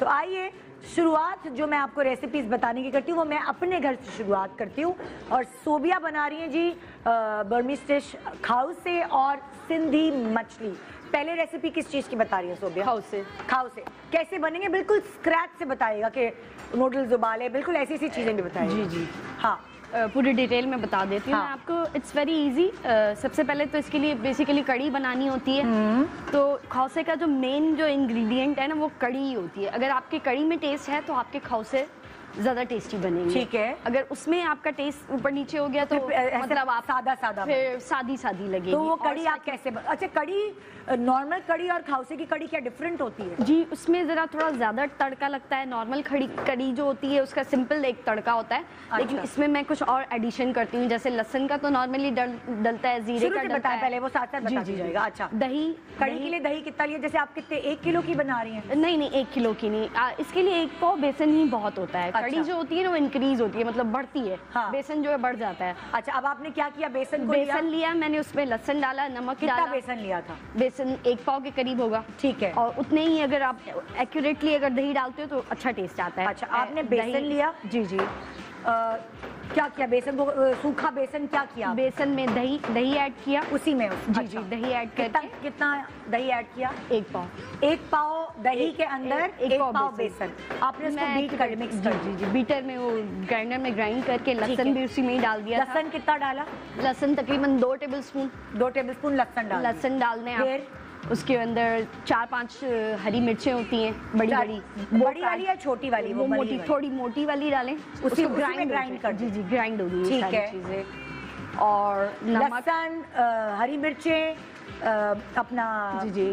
तो आइए शुरुआत जो मैं आपको रेसिपीज बताने की करती हूँ वो मैं अपने घर से शुरुआत करती हूँ और सोबिया बना रही है जी बर्मी स्टेश खाउ से और सिंधी मछली पहले रेसिपी किस चीज़ की बता रही है सोबिया खाऊ से खाउ से कैसे बनेंगे बिल्कुल स्क्रैच से बताइएगा कि नूडल्स उबाले बिल्कुल ऐसी ऐसी चीज़ें भी बताएंगे जी जी हाँ पूरी डिटेल में बता देती हूँ हाँ। आपको इट्स वेरी इजी सबसे पहले तो इसके लिए बेसिकली कड़ी बनानी होती है हम्म। तो खौसे का जो मेन जो इंग्रेडिएंट है ना वो कड़ी ही होती है अगर आपके कड़ी में टेस्ट है तो आपके खौसे ज्यादा टेस्टी बनेगी ठीक है अगर उसमें आपका टेस्ट ऊपर नीचे हो गया तो मतलब आप सादा सादा सादी सादी लगेगी तो वो कड़ी आप कैसे बन... अच्छा कड़ी नॉर्मल कड़ी और खाउसे की कड़ी क्या डिफरेंट होती है जी उसमें जरा थोड़ा ज्यादा तड़का लगता है नॉर्मल खड़ी कड़ी जो होती है उसका सिंपल एक तड़का होता है अच्छा। लेकिन इसमें मैं कुछ और एडिशन करती हूँ जैसे लहसन का तो नॉर्मली डलता है जीरे का है पहले वो साथ साथ जी जाएगा अच्छा दही कड़ी के लिए दही कितना लिया जैसे आप कितने एक किलो की बना रही है नहीं नहीं एक किलो की नहीं इसके लिए एक पाव बेसन ही बहुत होता है कड़ी अच्छा। जो होती है ना वो इंक्रीज होती है मतलब बढ़ती है हाँ। बेसन जो है बढ़ जाता है अच्छा अब आपने क्या किया बेसन को बेसन लिया मैंने उसमें लहसन डाला नमक डाला बेसन लिया था बेसन एक पाव के करीब होगा ठीक है और उतने ही अगर आप एक्यूरेटली अगर दही डालते हो तो अच्छा टेस्ट आता है अच्छा आपने बेसन लिया जी जी क्या किया बेसन सूखा बेसन क्या किया बेसन में दही दही ऐड किया उसी में उस, जी अच्छा। जी दही ऐड कितना कितना दही ऐड किया एक पाव एक पाव दही एक, के अंदर एक, एक, एक पाव बेसन आपने उसको बीट कर मिक्स कर जी जी बीटर में वो ग्राइंडर में ग्राइंड करके लहसन भी उसी में ही डाल दिया लहसन कितना डाला लहसन तकरीबन दो टेबल स्पून दो टेबल स्पून लहसन डाल लहसन डालने उसके अंदर चार पांच हरी मिर्चें होती हैं बड़ी बड़ी बड़ी वाली या छोटी वाली वो मोटी थोड़ी मोटी वाली डालें उसी ग्राइंड ग्राइंड कर जी जी ग्राइंड होगी ठीक है चीज़ें और लहसन हरी मिर्चें अपना जी जी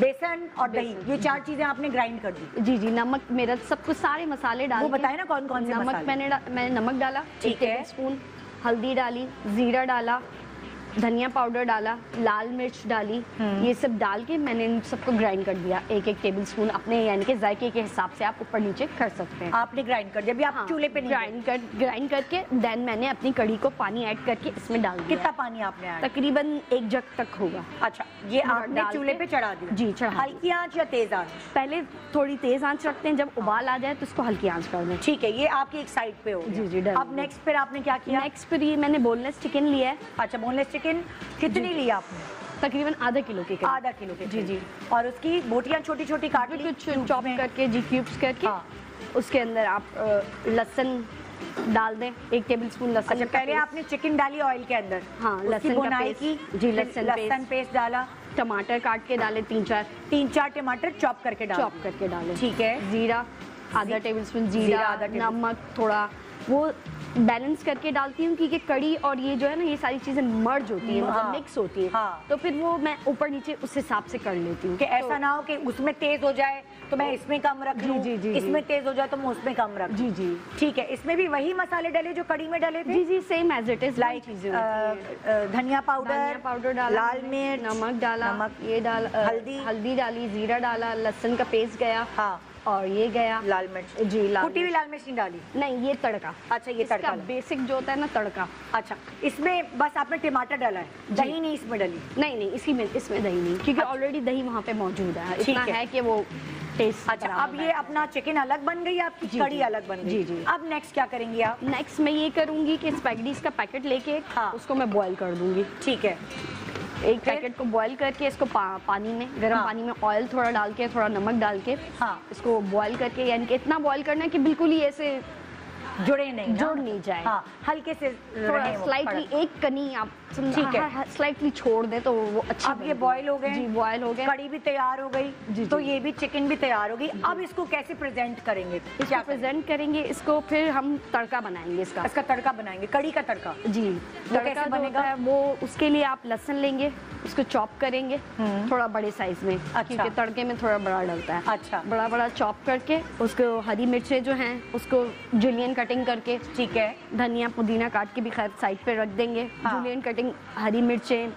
बेसन और दही ये चार चीजें आपने ग्राइंड कर दी जी जी नमक मेरा सब कुछ सारे मसाले डाले बताए ना कौन कौन से नमक मैंने मैंने नमक डाला ठीक है स्पून हल्दी डाली जीरा डाला धनिया पाउडर डाला लाल मिर्च डाली हम्म। ये सब डाल के मैंने इन सबको ग्राइंड कर दिया एक एक टेबल स्पून अपने यानी कि जायके के हिसाब से आप ऊपर नीचे कर सकते हैं आपने ग्राइंड कर दिया आप हाँ, चूल्हे पे ग्राइंड कर ग्राइंड करके देन मैंने अपनी कड़ी को पानी ऐड करके इसमें डाल दिया कितना पानी आपने तकरीबन एक जग तक होगा अच्छा ये आपने चूल्हे पे चढ़ा दिया जी चढ़ा हल्की आँच या तेज आँच पहले थोड़ी तेज आँच रखते हैं जब उबाल आ जाए तो उसको हल्की आँच कर दें ठीक है ये आपकी एक साइड पे हो जी जी अब नेक्स्ट फिर आपने क्या किया नेक्स्ट फिर ये मैंने बोनलेस चिकन लिया है अच्छा बोनलेस चिकन चिकन कितनी ली आपने तकरीबन आधा किलो के आधा किलो के जी जी और उसकी बोटियाँ छोटी छोटी काट ली कुछ चॉप करके जी क्यूब्स करके हाँ। उसके अंदर आप लहसन डाल दें एक टेबल स्पून लहसन अच्छा, पहले आपने चिकन डाली ऑयल के अंदर हाँ लहसन बुनाई की जी लहसन लहसन पेस्ट डाला टमाटर काट के डाले तीन चार तीन चार टमाटर चॉप करके डाले चॉप करके डाले ठीक है जीरा आधा टेबल स्पून जीरा आधा नमक थोड़ा वो बैलेंस करके डालती हूँ क्योंकि कड़ी और ये जो है ना ये सारी चीजें मर्ज होती है मतलब हाँ, मतलब मिक्स होती है हाँ, तो फिर वो मैं ऊपर नीचे उस हिसाब से कर लेती हूँ ऐसा तो, ना हो कि उसमें तेज हो जाए तो मैं इसमें कम रख जी, जी जी इसमें तेज हो जाए तो मैं उसमें कम रख जी जी ठीक है इसमें भी वही मसाले डाले जो कड़ी में डाले थे जी जी same as it is like धनिया पाउडर पाउडर डाला लाल मिर्च नमक डाला नमक ये डाला हल्दी हल्दी डाली जीरा डाला लहसन का पेस्ट गया हाँ और ये गया लाल मिर्च जी लाल कुटी हुई लाल मिर्च नहीं डाली नहीं ये तड़का अच्छा ये तड़का बेसिक जो होता है ना तड़का अच्छा इसमें बस आपने टमाटर डाला है दही नहीं इसमें डाली नहीं नहीं इसी में इसमें दही नहीं क्योंकि ऑलरेडी अच्छा। दही वहाँ पे मौजूद है इतना है कि वो टेस्ट अच्छा अब ये अपना चिकन अलग बन गई आपकी कड़ी अलग बन गई जी जी अब नेक्स्ट क्या करेंगी आप नेक्स्ट मैं ये करूंगी कि स्पैगडीज का पैकेट लेके हाँ। उसको मैं बॉईल कर दूंगी ठीक है एक पैकेट को बॉईल करके इसको पा, पानी में गर्म हाँ। पानी में ऑयल थोड़ा डाल के थोड़ा नमक डाल के हाँ इसको बॉईल करके यानी कि इतना बॉईल करना है कि बिल्कुल ही ऐसे जुड़े नहीं जुड़ नहीं जाए हाँ, हल्के से स्लाइटली एक कनी आप ठीक हाँ, है हाँ, स्लाइटली छोड़ दे तो वो अच्छा अब ये बॉईल हो गए जी बॉईल हो गए कड़ी भी तैयार हो गई तो ये भी चिकन भी तैयार हो गई अब इसको कैसे प्रेजेंट करेंगे क्या प्रेजेंट करेंगे इसको फिर हम तड़का बनाएंगे इसका इसका तड़का बनाएंगे कड़ी का तड़का जी तड़का बनेगा वो उसके लिए आप लहसन लेंगे उसको चॉप करेंगे हम्म। थोड़ा बड़े साइज में अच्छा। क्योंकि तड़के में थोड़ा बड़ा डलता है अच्छा बड़ा बड़ा चॉप करके उसको हरी मिर्चें जो हैं उसको जुलियन कटिंग करके ठीक है धनिया पुदीना काट के भी खैर साइड पे रख देंगे हाँ। जुलियन कटिंग हरी मिर्चें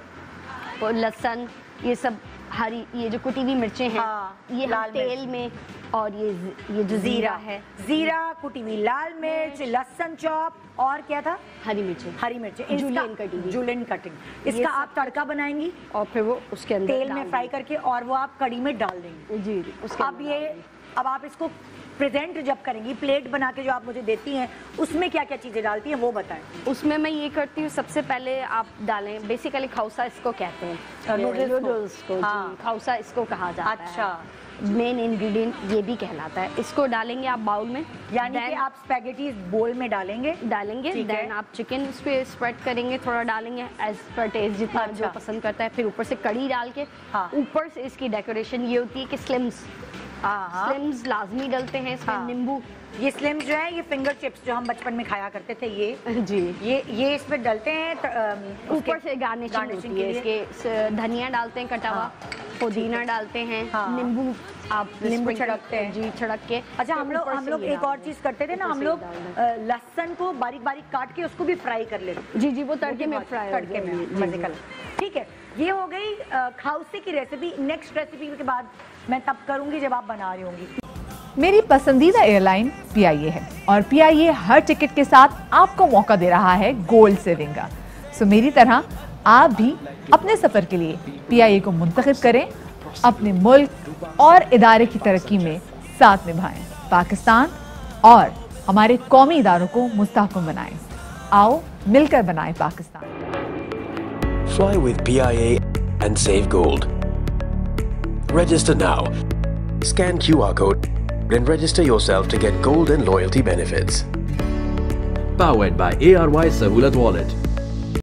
लहसन ये सब हरी ये जो कुटी हुई मिर्चें हैं हाँ, ये लाल तेल में और ये ये जो जीरा है जीरा कुटी हुई लाल मिर्च लहसन चॉप और क्या था हरी मिर्च हरी मिर्च जुलियन कटिंग जुलियन कटिंग इसका आप तड़का बनाएंगी और फिर वो उसके अंदर तेल में फ्राई करके और वो आप कड़ी में डाल देंगे जी उसके अब ये अब आप इसको प्रेजेंट जब करेंगी प्लेट बना के जो आप मुझे देती हैं उसमें क्या क्या चीज़ें डालती हैं वो बताएं उसमें मैं ये करती हूँ सबसे पहले आप डालें बेसिकली खाउसा इसको कहते हैं हाँ, हाँ। खाउसा इसको कहा जाता है अच्छा मेन इंग्रेडिएंट ये भी कहलाता है इसको डालेंगे आप बाउल में यानी कि आप स्पैगेटी बोल में डालेंगे डालेंगे देन आप चिकन उस पर स्प्रेड करेंगे थोड़ा डालेंगे एज पर टेस्ट जितना अच्छा। जो पसंद करता है फिर ऊपर से कड़ी डाल के हाँ। ऊपर हाँ। से इसकी डेकोरेशन ये होती है कि स्लिम्स स्लिम्स लाजमी डलते हैं इसमें हाँ। नींबू ये स्लिम जो है ये फिंगर चिप्स जो हम बचपन में खाया करते थे ये जी ये ये इसमें डलते हैं ऊपर से गार्निशिंग गार्निशिंग के लिए इसके धनिया डालते हैं कटा हुआ हाँ। पुदीना डालते हैं हाँ। नींबू आप नींबू छिड़कते हैं जी छिड़क के अच्छा हम लोग हम लोग एक और चीज करते थे ना हम लोग लहसन को बारीक बारीक काट के उसको भी फ्राई कर लेते जी जी वो तड़के में फ्राई तड़के में ठीक है ये हो गई खाउसे की रेसिपी नेक्स्ट रेसिपी के बाद मैं तब करूंगी जब आप बना रही होंगी मेरी पसंदीदा एयरलाइन पी है और पी हर टिकट के साथ आपको मौका दे रहा है गोल्ड सेविंग का सो मेरी तरह आप भी अपने सफ़र के लिए पी को मुंतखब करें अपने मुल्क और इदारे की तरक्की में साथ निभाएं पाकिस्तान और हमारे कौमी इदारों को मुस्तकम बनाएं आओ मिलकर बनाएं Pakistan Fly with PIA and save gold. Register now. Scan QR code and register yourself to get golden loyalty benefits. Powered by ARY Sahulat Wallet.